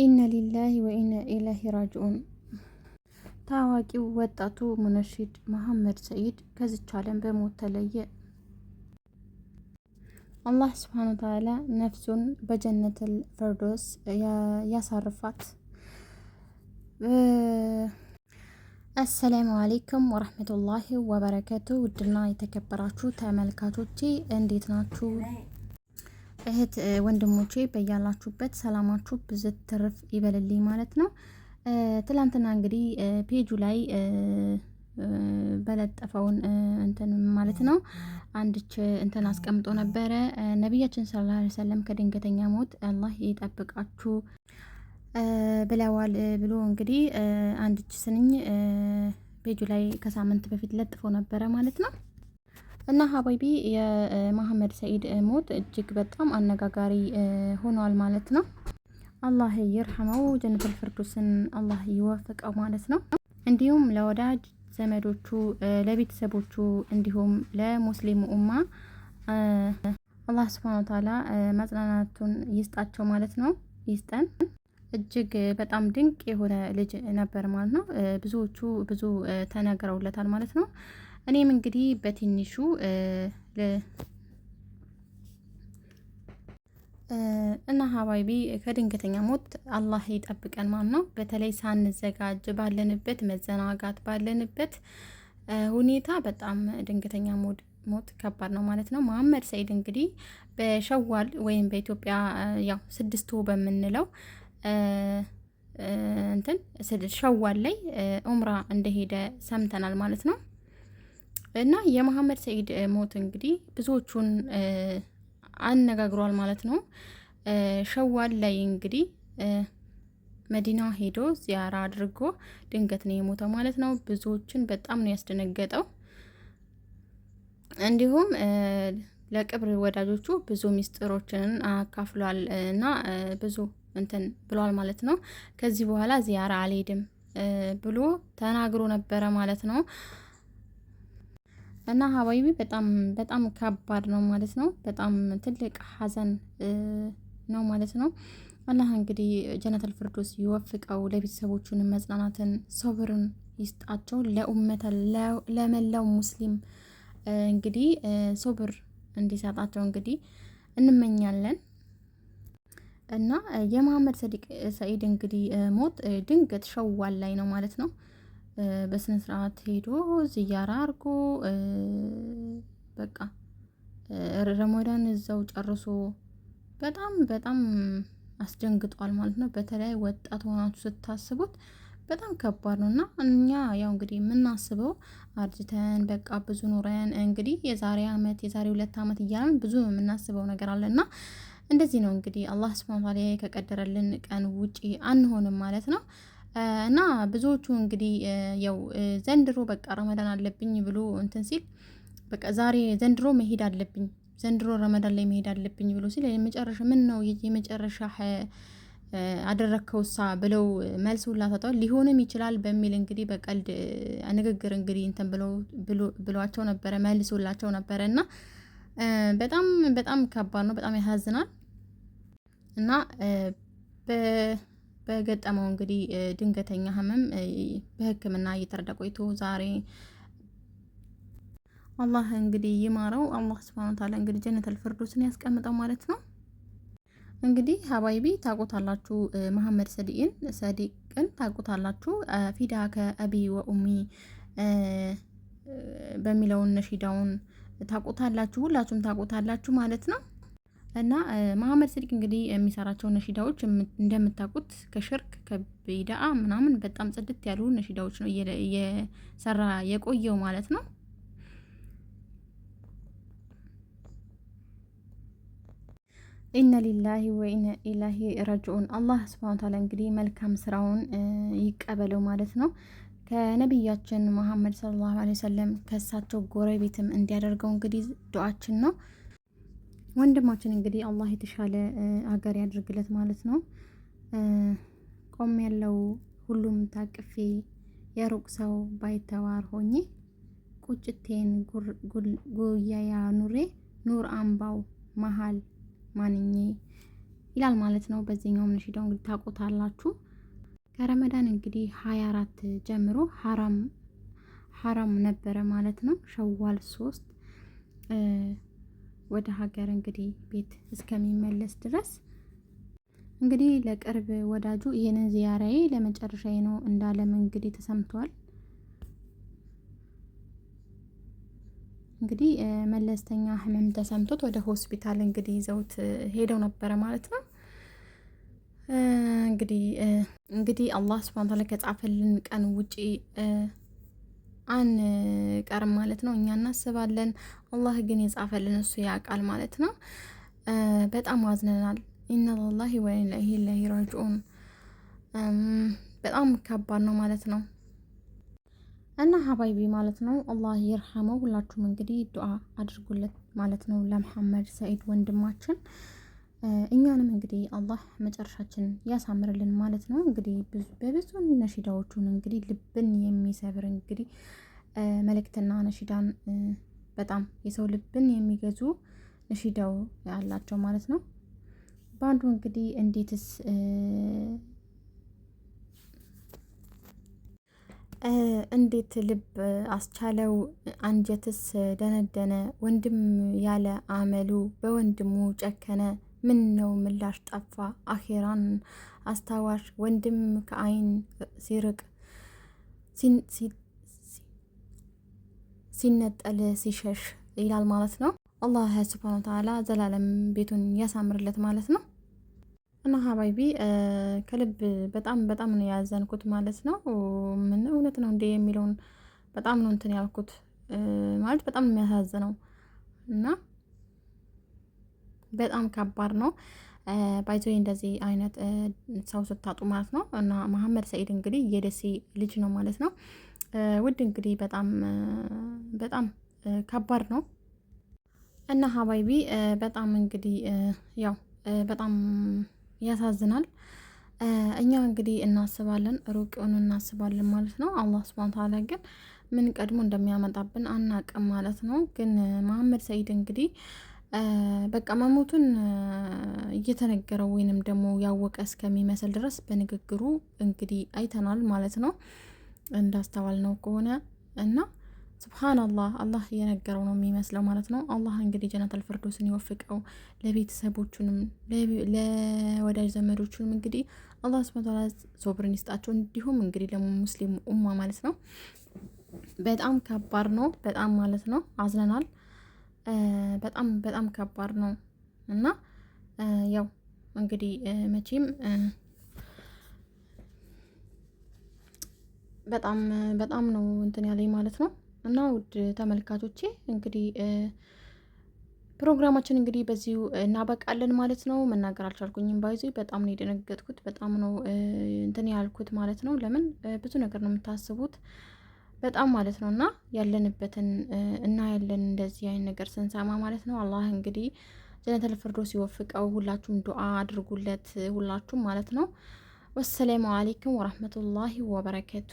ኢነ ሊላሂ ወኢነ ኢላሂ ራጅኡን። ታዋቂው ወጣቱ ሙነሺድ መሐመድ ሰኢድ ከዚች ዓለም በሞት ተለየ። አላህ ስብሓነ ወተዓላ ነፍሱን በጀነት ፈርዶስ ያሳርፋት። አሰላሙ አሌይኩም ወረህመቱላሂ ወበረከቱ። ውድና የተከበራችሁ ተመልካቾቼ እንዴት ናችሁ? እህት ወንድሞቼ በያላችሁበት ሰላማችሁ ብዝት ትርፍ ይበልልኝ ማለት ነው። ትላንትና እንግዲህ ፔጁ ላይ በለጠፈውን እንትን ማለት ነው አንድች እንትን አስቀምጦ ነበረ። ነቢያችን ሰለላሁ ዐለይሂ ወሰለም ከድንገተኛ ሞት አላህ ይጠብቃችሁ ብለዋል ብሎ እንግዲህ አንድች ስንኝ ፔጁ ላይ ከሳምንት በፊት ለጥፎ ነበረ ማለት ነው። እና ሀባይቢ የመሀመድ ሰኢድ ሞት እጅግ በጣም አነጋጋሪ ሆኗል ማለት ነው። አላህ ይርሐመው፣ ጀነተል ፊርደውስን አላህ ይወፍቀው ማለት ነው። እንዲሁም ለወዳጅ ዘመዶቹ፣ ለቤተሰቦቹ እንዲሁም ለሙስሊሙ ኡማ አላህ ስብሐነሁ ወተዓላ መጽናናቱን ይስጣቸው ማለት ነው። ይስጠን። እጅግ በጣም ድንቅ የሆነ ልጅ ነበር ማለት ነው። ብዙዎቹ ብዙ ተነግረውለታል ማለት ነው። እኔም እንግዲህ በትንሹ እና ሀባይቢ ከድንገተኛ ሞት አላህ ይጠብቀን ማለት ነው። በተለይ ሳንዘጋጅ ባለንበት መዘናጋት ባለንበት ሁኔታ በጣም ድንገተኛ ሞት ሞት ከባድ ነው ማለት ነው። መሀመድ ሰኢድ እንግዲህ በሸዋል ወይም በኢትዮጵያ ያው ስድስቱ በምንለው እንትን ሸዋል ላይ ኡምራ እንደሄደ ሰምተናል ማለት ነው። እና የመሐመድ ሰኢድ ሞት እንግዲህ ብዙዎቹን አነጋግሯል ማለት ነው። ሸዋል ላይ እንግዲህ መዲና ሄዶ ዚያራ አድርጎ ድንገት ነው የሞተው ማለት ነው። ብዙዎችን በጣም ነው ያስደነገጠው። እንዲሁም ለቅብር ወዳጆቹ ብዙ ሚስጥሮችን አካፍሏል እና ብዙ እንትን ብሏል ማለት ነው። ከዚህ በኋላ ዚያራ አልሄድም ብሎ ተናግሮ ነበረ ማለት ነው። እና ሀባይቢ በጣም በጣም ከባድ ነው ማለት ነው። በጣም ትልቅ ሀዘን ነው ማለት ነው። አላህ እንግዲህ ጀነተል ፍርዶስ ይወፍቀው፣ ለቤተሰቦቹን መጽናናትን፣ ሶብርን ይስጣቸው። ለኡመተ ለመላው ሙስሊም እንግዲህ ሶብር እንዲሰጣቸው እንግዲህ እንመኛለን እና የመሀመድ ሰዲቅ ሰኢድ እንግዲህ ሞት ድንገት ሸዋል ላይ ነው ማለት ነው። በስነ ስርዓት ሄዶ ዝያራ አርጎ በቃ ረሞዳን እዛው ጨርሶ በጣም በጣም አስደንግጧል ማለት ነው። በተለይ ወጣት ሆናችሁ ስታስቡት በጣም ከባድ ነው እና እኛ ያው እንግዲህ የምናስበው አርጅተን በቃ ብዙ ኑረን እንግዲህ የዛሬ አመት የዛሬ ሁለት ዓመት እያለን ብዙ የምናስበው ነገር አለ እና እንደዚህ ነው እንግዲህ አላህ ስብሃነ ተዓላ ከቀደረልን ቀን ውጪ አንሆንም ማለት ነው። እና ብዙዎቹ እንግዲህ ያው ዘንድሮ በቃ ረመዳን አለብኝ ብሎ እንትን ሲል በቃ ዛሬ ዘንድሮ መሄድ አለብኝ ዘንድሮ ረመዳን ላይ መሄድ አለብኝ ብሎ ሲል የመጨረሻ ምን ነው የመጨረሻ ሳ ብለው መልስ ሁላ ሰጠዋል። ሊሆንም ይችላል በሚል እንግዲህ በቀልድ ንግግር እንግዲህ እንትን ብሏቸው ነበረ መልሶላቸው ነበረ እና በጣም በጣም ከባድ ነው። በጣም ያሳዝናል እና በገጠመው እንግዲህ ድንገተኛ ህመም በህክምና እየተረዳ ቆይቶ ዛሬ አላህ እንግዲህ ይማረው። አላህ ስብሐነ ወተዓላ እንግዲህ ጀነተል ፊርደውስን ያስቀምጠው ማለት ነው። እንግዲህ ሀባይቢ ታቆታላችሁ መሐመድ ሰዲቅን ሰዲቅን ታቆታላችሁ። ፊዳ ከአቢ ወኡሚ በሚለውን ነሺዳውን ታቆታላችሁ፣ ሁላችሁም ታቆታላችሁ ማለት ነው። እና መሀመድ ስድቅ እንግዲህ የሚሰራቸው ነሺዳዎች እንደምታውቁት ከሽርክ ከቢድአ ምናምን በጣም ጽድት ያሉ ነሺዳዎች ነው እየሰራ የቆየው ማለት ነው። ኢነ ሊላሂ ወኢነ ኢላሂ ረጅዑን። አላህ ስብሃነ ወተዓላ እንግዲህ መልካም ስራውን ይቀበለው ማለት ነው። ከነቢያችን መሐመድ ሰለላሁ ዐለይሂ ወሰለም ከእሳቸው ጎረቤትም እንዲያደርገው እንግዲህ ዱዓችን ነው። ወንድማችን እንግዲህ አላህ የተሻለ ሀገር ያድርግለት ማለት ነው። ቆም ያለው ሁሉም ታቅፌ የሩቅ ሰው ባይተዋር ሆኜ ቁጭቴን ጉያያ ኑሬ ኑር አምባው መሀል ማንኜ ይላል ማለት ነው። በዚህኛውም ነሽዳው እንግዲህ ታውቁታላችሁ። ከረመዳን እንግዲህ ሀያ አራት ጀምሮ ሀራም ሀራም ነበረ ማለት ነው። ሸዋል ሶስት ወደ ሀገር እንግዲህ ቤት እስከሚመለስ ድረስ እንግዲህ ለቅርብ ወዳጁ ይሄንን ዚያራዬ ለመጨረሻዬ ነው እንዳለም እንግዲህ ተሰምቷል። እንግዲህ መለስተኛ ህመም ተሰምቶት ወደ ሆስፒታል እንግዲህ ይዘውት ሄደው ነበረ ማለት ነው። እንግዲህ እንግዲህ አላህ ስብሃነ ተዓላ ከጻፈልን ቀን ውጪ አንቀርም ማለት ነው። እኛ እናስባለን፣ አላህ ግን የጻፈልን እሱ ያውቃል ማለት ነው። በጣም አዝነናል። ኢና ሊላሂ ኢለይሂ በጣም ከባድ ነው ማለት ነው። እና ሀባይቢ ማለት ነው አላህ ይርሐመው። ሁላችሁም እንግዲህ ዱዓ አድርጉለት ማለት ነው ለመሐመድ ሰኢድ ወንድማችን እኛንም እንግዲህ አላህ መጨረሻችን ያሳምርልን ማለት ነው። እንግዲህ በብዙ ነሺዳዎቹን እንግዲህ ልብን የሚሰብር እንግዲህ መልእክትና ነሺዳን በጣም የሰው ልብን የሚገዙ ነሺዳው አላቸው ማለት ነው። በአንዱ እንግዲህ እንዴትስ እንዴት ልብ አስቻለው አንጀትስ ደነደነ፣ ወንድም ያለ አመሉ በወንድሙ ጨከነ ምን ነው ምላሽ ጠፋ አኼራን አስታዋሽ ወንድም ከአይን ሲርቅ ሲነጠል ሲሸሽ ይላል ማለት ነው። አላህ ስብሃነሁ ተዓላ ዘላለም ቤቱን ያሳምርለት ማለት ነው። እና ሀባይቢ ከልብ በጣም በጣም ነው ያዘንኩት ማለት ነው። ምን እውነት ነው እንዴ የሚለውን በጣም ነው እንትን ያልኩት ማለት በጣም ነው የሚያሳዝነው እና በጣም ከባድ ነው። ባይዞ እንደዚህ አይነት ሰው ስታጡ ማለት ነው። እና መሀመድ ሰኢድ እንግዲህ የደሴ ልጅ ነው ማለት ነው። ውድ እንግዲህ በጣም በጣም ከባድ ነው እና ሀባይቢ በጣም እንግዲህ ያው በጣም ያሳዝናል። እኛ እንግዲህ እናስባለን፣ ሩቅውን እናስባለን ማለት ነው። አላህ ስብሃነ ተዓላ ግን ምን ቀድሞ እንደሚያመጣብን አናቅም ማለት ነው። ግን መሀመድ ሰኢድ እንግዲህ በቃ መሞቱን እየተነገረው ወይንም ደግሞ ያወቀ እስከሚመስል ድረስ በንግግሩ እንግዲህ አይተናል ማለት ነው ነው ከሆነ እና ስብሓንላህ አላህ እየነገረው ነው የሚመስለው ማለት ነው። አላህ እንግዲህ ጀነተል ፊርደውስን ይወፍቀው ለቤተሰቦቹንም ለወዳጅ ዘመዶቹንም እንግዲህ አላህ ስብሓነ ሶብርን ይስጣቸው። እንዲሁም እንግዲህ ደግሞ ሙስሊም ኡማ ማለት ነው በጣም ከባድ ነው፣ በጣም ማለት ነው አዝነናል። በጣም በጣም ከባድ ነው እና ያው እንግዲህ መቼም በጣም በጣም ነው እንትን ያለኝ ማለት ነው። እና ውድ ተመልካቾቼ እንግዲህ ፕሮግራማችን እንግዲህ በዚሁ እናበቃለን ማለት ነው። መናገር አልቻልኩኝም። ባይዙ በጣም ነው የደነገጥኩት፣ በጣም ነው እንትን ያልኩት ማለት ነው። ለምን ብዙ ነገር ነው የምታስቡት በጣም ማለት ነው እና ያለንበትን እና ያለን እንደዚህ አይነት ነገር ስንሰማ ማለት ነው አላህ እንግዲህ ጀነተል ፊርዶስ ሲወፍቀው ሁላችሁም ዱዓ አድርጉለት፣ ሁላችሁም ማለት ነው። ወሰላሙ አሌይኩም ወራህመቱላሂ ወበረከቱ